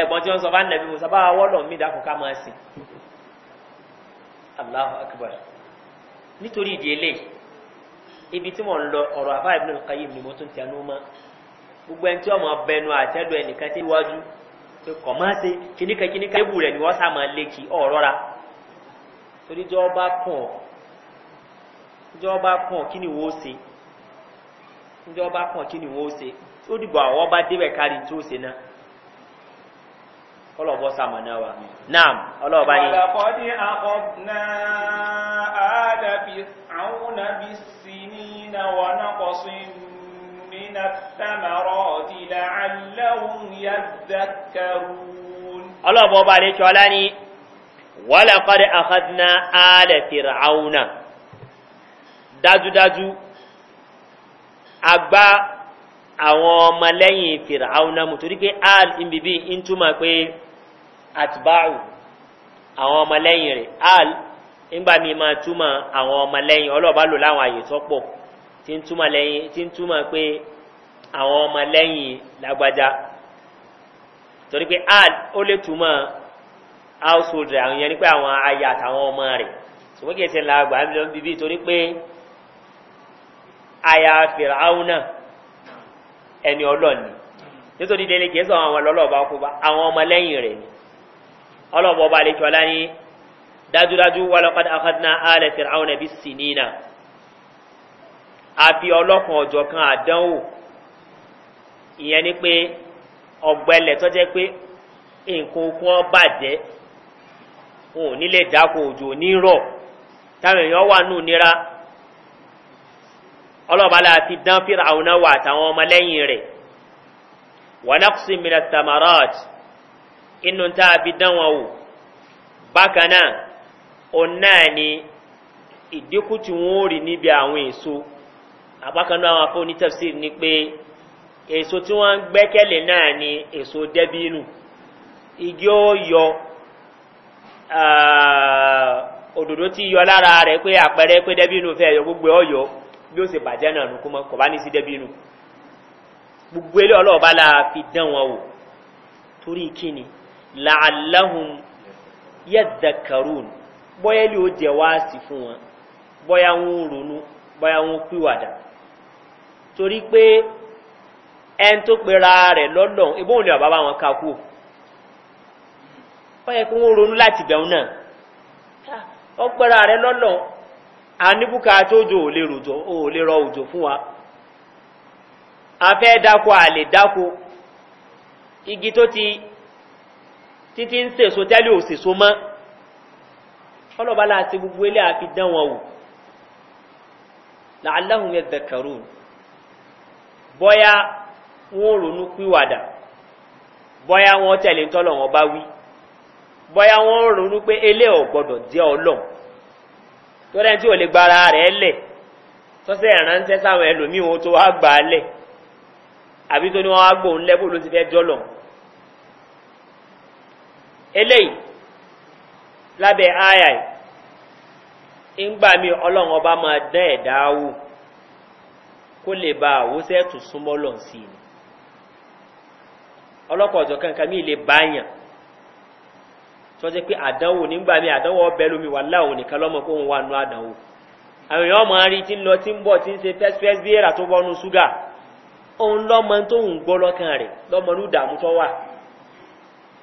ẹ̀gbọ́n tí wọ́n sọ bá ń nàbí musa bá wà wọ́lọ̀ mí dákun ká máa sìn allahu akbar nítorí ìdí eléyìí ibi tí mo ń lọ ọ̀rọ̀ na ìbínú nǹkan yìí ni mo tún ti ẹnu gbogbo ẹni tí ọmọ bẹnu àtẹ́lu ẹnìkan tí wájú pé kọ̀ máa ṣe kíníkan kíníkan ébù rẹ̀ ni wọ́n sá máa lé kí ọ̀rọ̀ ra torí bá kàn ó dìbò àwọn ọba débẹ̀ kárí tí ó ṣe náà kọlọ̀bọ̀ sàmọ̀nà wa náà ọlọ́ọ̀bá ní ọlọ́kọ́dí àkọ́bùnà àdàbí àwọn àbí sí ní náwà náà sí nínà tàmàrọ̀ ọ̀dílà aláhùn yà zakarun ọlọ́ọ̀bọ̀ bá lè kíọ́lá ní wọ́lọ́kọ́dí àkọ́bùnà àdàbí àwọn dájúdájú àgbá àwọn ọmọlẹ́yìn fìràúnà mú torí pé al ìbìbí ń túmọ̀ pé atbáù àwọn ọmọlẹ́yìn rẹ̀ al ńgbà ma máa túmọ̀ àwọn ọmọlẹ́yìn ọlọ́ọ̀bá lò láwọn àyè sọ́pọ̀ tí ń túmọ̀ pé àwọn ọmọlẹ́yìn lágbájá torí pé al ó lè túmọ̀ household rẹ̀ àwọn yẹn àwọn aya àtàwọn ọmọ rẹ̀ ṣùgbọ́n kìí ṣe aya ẹni ọlọ́ni nítorí délé kìí sọ àwọn ọlọ́ọ̀bá kó bá àwọn ọmọ lẹ́yìn rẹ̀ ni ọlọ́ọ̀bá ọba àlejò ọlá ní dájúdájú wà lọ́kọ́dá akadná alẹ́ tẹ̀rẹ̀ àwọn ẹbí sì nínà àfi ọlọ́kan kan àdánwò ìyẹn ni pé ọ̀gbẹ́lẹ̀ tó jẹ́ pé nǹkan okun ọ bàjẹ́ òun nílẹ̀ dáko òjò nira ọlọ́balá ti dán fíraun wà àtàwọn ọmọ lẹ́yìn rẹ̀ wọnàkùsí mìíràn tamarot inú tá a fi dán wọn wò bákan náà òun náà ni ìdínkù tí wọn ò rí níbi àwọn èso àbákan náà àwọn afọ́nitẹ́fsì ni pé èso tí wọ́n ń náà ni èso dẹ́bínú igi ó yọ òdòdó tí yọ lára rẹ̀ pé àpẹẹrẹ pé dẹ́bínú fẹ́ yọ gbogbo ọ̀yọ́ bí ó sì bàjẹ́ náà nù kó mọ́ kò ní sí dẹ́bí gbogbo ilé ọlọ́ọ̀bá fi dán wọn wò torí kíni làálàhùn karun bọ́yá ilé ó jẹ wá sí fún wọn bọ́yá wọn ronú bọ́yá wọn pìwàdà torí pé ẹni tó pera rẹ̀ lọ́dọ̀ ìbóhùn lè wọn ká kú bọ́yá kí láti bẹ̀rún ọ pera rẹ̀ lọ́dọ̀ a ní búkátà òjò ò lè ròjò ò lè rọ òjò fún wa a fẹ́ dáko a lè dáko igi tó ti títí ń sèso tẹ́lẹ̀ ò sèso mọ́ ọlọ́ba láti gbogbo ilé àfi dán wọn wò làálàhùn yẹn dẹ̀kẹ̀rù bọ́yá wọn ronú pìwàdà bọ́yá wọn tẹ̀lé tọ́lọ̀ wọn bá wí bọ́yá wọn ronú pé elé ọ̀gbọ́dọ̀ jẹ́ ọlọ́run tó rẹ̀ tí ò lè gbára rẹ̀ lẹ̀ tọ́sẹ̀ ìrànṣẹ́ sáwọn ẹlòmíì wọn tó wá gbà lẹ̀ àbí tó ní wọ́n wá gbòun lẹ́bù ló ti fẹ́ jọ́lọ̀ eléyìí lábẹ́ àyà yìí ọlọ́run ọba máa dán ẹ̀dá kó lè ba tó jẹ́ pé àdánwò nígbà mi àdánwò ọbẹ̀ lómi wà láwọn nìkan lọ́mọ kó ń wà nù àdánwò àwọn èèyàn máa rí tí ń lọ tí ń bọ̀ tí ń ṣe fẹ́sifẹ́sì bí èrà tó bọ́nu ṣúgà òun lọ́mọ tó ń gbọ́ wà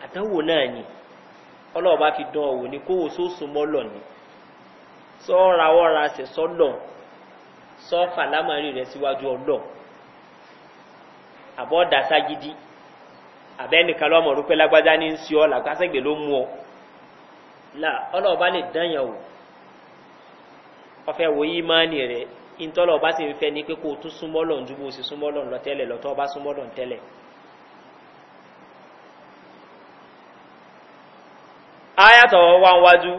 àdánwò náà ni ọlọ́run fi dán ni kó sóòsùn ni sọ́ra wọ́ra ṣe sọ́lọ̀ sọ́fà lámàrí rẹ̀ síwájú ọlọ́ la ọlọ́ọ̀bá lè dáyàn wò ọfẹ́ wo yí máa nì rẹ̀ fẹ́ ní pé kó o tún súnmọ́ ju bó o sì lọ tẹ́lẹ̀ lọ́tọ́ ọba súnmọ́ tẹ́lẹ̀. ayatọ̀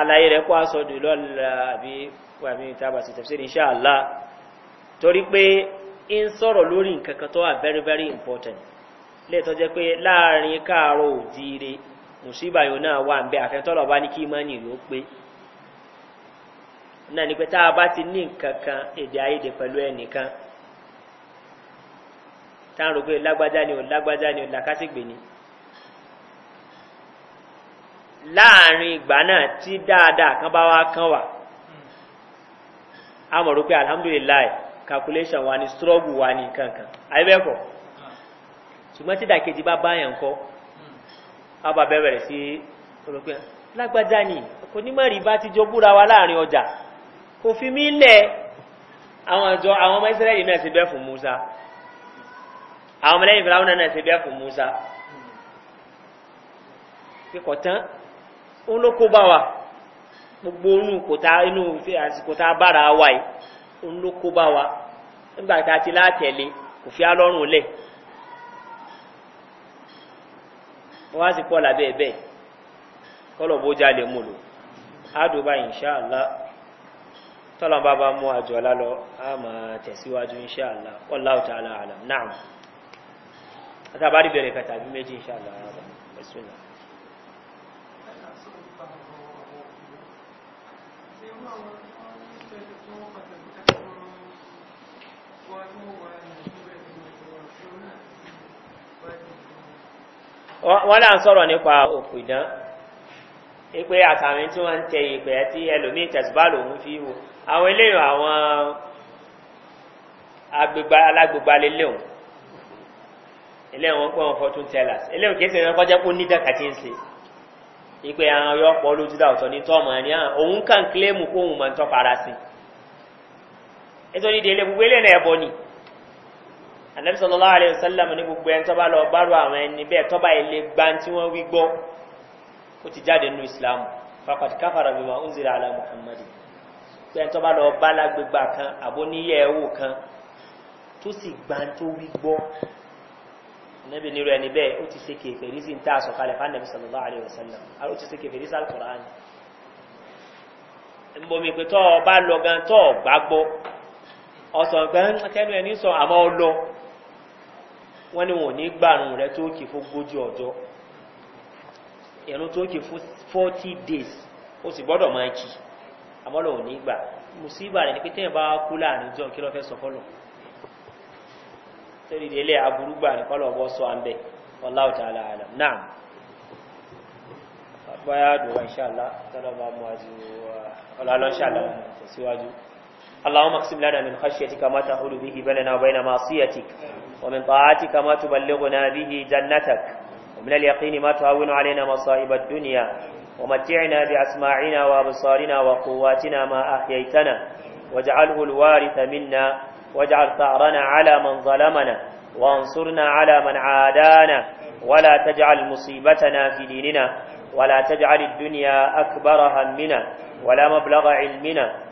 àlàyé kó aṣọ dè lọ́la àbí sí torí pé ń sọ̀rọ̀ lórí nǹkan kan very very important jẹ́ pé láàrin káàárọ̀ Musiba yóò náà wà ń bẹ àfẹ́tọ́lọ̀ bá ní kí mọ́nì yóò pé náà ni pé tá a bá ti ní nǹkan kan èdè ayédè pẹ̀lú ẹnìkan tá a rò pé lágbájá ni ò lágbájá ni ò làkásìgbè ni láàrin ìgbà náà tí dáadáa kan bá wá kán wà a mọ̀ rò pé alhamdulilayi calculation wa ni struggle wa ni nǹkan kan àyẹ̀bẹ̀kọ̀ ṣùgbọ́n tí dàkejì bá báyàn kọ́ àbá bẹ̀rẹ̀ sí sọ̀rọ̀ pé ni kò ní mọ̀rí bá ti jọ búra wa láàrin ọjà kò fi mí lẹ̀ àwọn ọjọ́ àwọn ọmọ ìsírẹ́lì náà ti bẹ́ fún musa àwọn ọmọ lẹ́yìn fìlàwọn náà ti bẹ́ fún musa kíkọ̀ tán ó ló kó bá wa gbogbo inú kòtà inú àsìkòtà bára wa yìí ó ló kó bá wa nígbà tá a ti látẹ̀lé kò fi á lẹ̀ wọ́n á sì kọ́ làbẹ́ ẹ̀ bẹ́ẹ̀ kọ́lọ̀ bó jáde mú lò ádùbà ìṣáàlá tọ́lọ́n bá bá mú àjọ lálọ á máa tẹ̀síwájú ìṣáàlá ọlá òtà aláàlá náà àtàbárí bẹ̀rẹ̀ kàtà méjì ìṣáàlá Thank you. wọ́n láà ń sọ̀rọ̀ nípa òkú ìdán ipe àtàwọn tí wọ́n ń tẹ ìpẹ́ tí ẹlòmíì tẹ̀sùbá ń fi wò àwọn eléyìn àwọn alágbègbàlẹ̀ léhùn eléyìn wọn pẹ́ wọn fortune tellers eléyìn kìí sẹ́yìn kọjá kó ní dẹ́ka ń se àwọn yọ pọ̀ lójú dá ọ̀tọ̀ ní tọ́ọ̀mù ẹni anabi sallallahu alayhi wa sallam ní gbogbo ẹni tọ́ba lọ bárò àwọn ẹni bẹ́ẹ̀ tọ́ba ilé gbá tí wọ́n wí gbọ́ ó ti jáde nínú ìsìlámù fakọ̀tí káfàrà bí wọn ó ń zèrè àlà muhammadu pé ẹni tọ́ba lọ bá lágbègbà kan àbó níyẹ̀ ẹ̀wò kan tó sì gbá tó wí gbọ́ anabi nírú ẹni bẹ́ẹ̀ ó ti ṣe kèfè ní sí ń tà sọ̀kalẹ̀ wa sallam ó ti ṣe kèfè ní sàlùkùránì mbomi pé tọ́ ọ bá lọ gan tọ́ ọ sọ àmọ́ ọ lọ wọ́n ní wọn ò ní gbàrún rẹ tó kì fún ogójì ọjọ́ ìrún tó kì fún forty days ó sì gbọ́dọ̀ máa kì àmọ́ lòun ò ní gbà mùsíbà rẹ̀ ni pé téèyàn bá kú láàrin jọ kí ló sọ fọ́lọ̀ torí ilé aburú gbà ní kọ́lọ̀ ọ̀bọ sọ àmbẹ̀ ọláwùtà aláàlá náà báyà dùn wá ìṣàlá tọ́lọ́ bá mú àjò ọlọ́lọ́ ṣàlá tẹ̀síwájú. اللهم اقسم لنا من خشيتك ما تحول به بيننا وبين معصيتك ومن طاعتك ما تبلغنا به جنتك ومن اليقين ما تهون علينا مصائب الدنيا ومتعنا بأسماعنا وأبصارنا وقواتنا ما أحييتنا واجعله الوارث منا واجعل ثأرنا على من ظلمنا وانصرنا على من عادانا ولا تجعل مصيبتنا في ديننا ولا تجعل الدنيا أكبر همنا ولا مبلغ علمنا